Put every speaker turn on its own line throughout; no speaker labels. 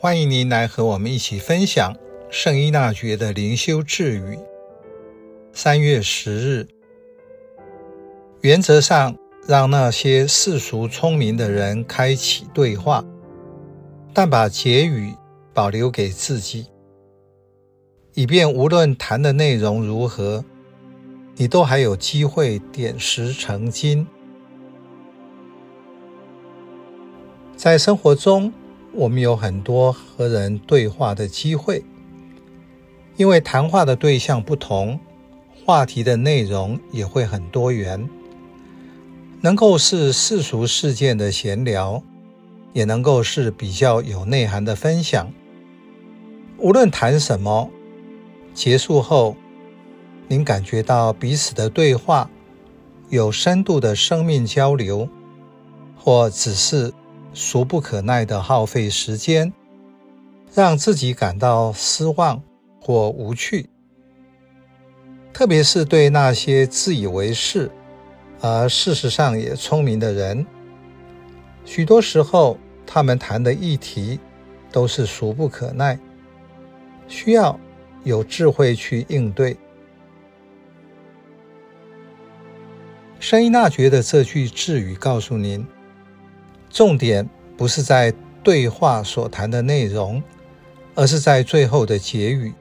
歡迎您來和我們一起分享聖依納爵的靈修智語。三月十日，原則上讓那些世俗聰明的人開啟對話，但把結語保留給自己，以便無論談的內容如何，你都還有機會點石成金。在生活中。我們有很多和人對話的機會，因為談話的對象不同，話題的內容也會很多元，能夠是世俗事件的閒聊，也能夠是比較有內涵的分享。無論談什麼，結束後，您感覺到彼此的對話有深度的生命交流，或只是。俗不可耐的耗費時間，讓自己感到失望或無趣。特別是對那些自以為是而事實上也聰明的人，許多時候他們談的議題都是俗不可耐，需要有智慧去應對。聖依納爵這句智語告訴您。重點不是在對話所談的內容，而是在最後的結語。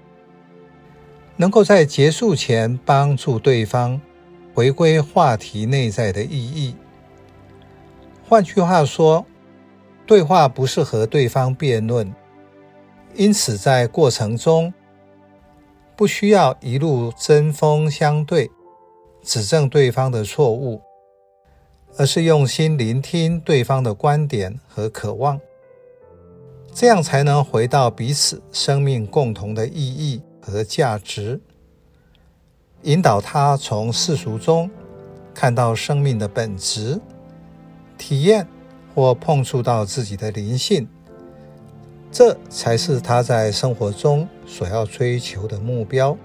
能夠在結束前幫助對方回歸話題內在的意義。換句話說，對話不是和對方辯論，因此在過程中不需要一路針鋒相對、指正對方的錯誤。而是用心聆聽對方的觀點和渴望，這樣才能回到彼此生命共同的意義和價值，引導他從世俗中看到生命的本質，體驗或碰觸到自己的靈性，這才是他在生活中所要追求的目標。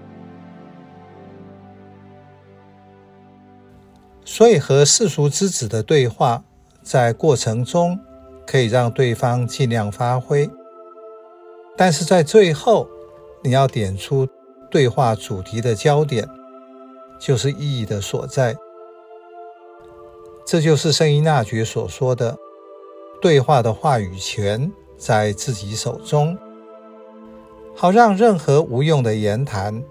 所以和世俗之子的對話，在過程中可以讓對方盡量發揮，但是在最後你要點出對話主題的焦點，就是意義的所在。這就是聖依納爵所說的，對話的話語權在自己手中，好讓任何無用的言談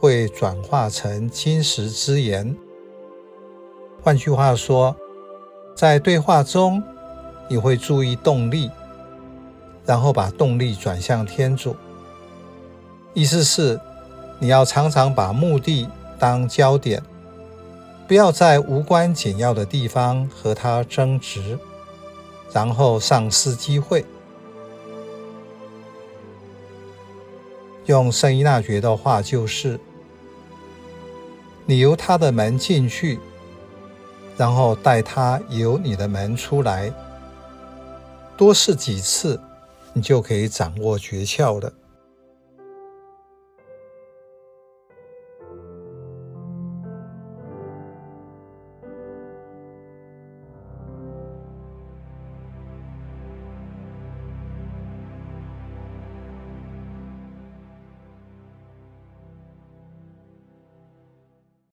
會轉化成金石之言。換句話說，在對話中，你會注意動力，然後把動力轉向天主。意思是，你要常常把目的當焦點，不要在無關緊要的地方和他爭執，然後喪失機會。用聖依納爵的話就是：你由他的門進去。然後帶他由你的門出來，多試幾次，你就可以掌握訣竅了。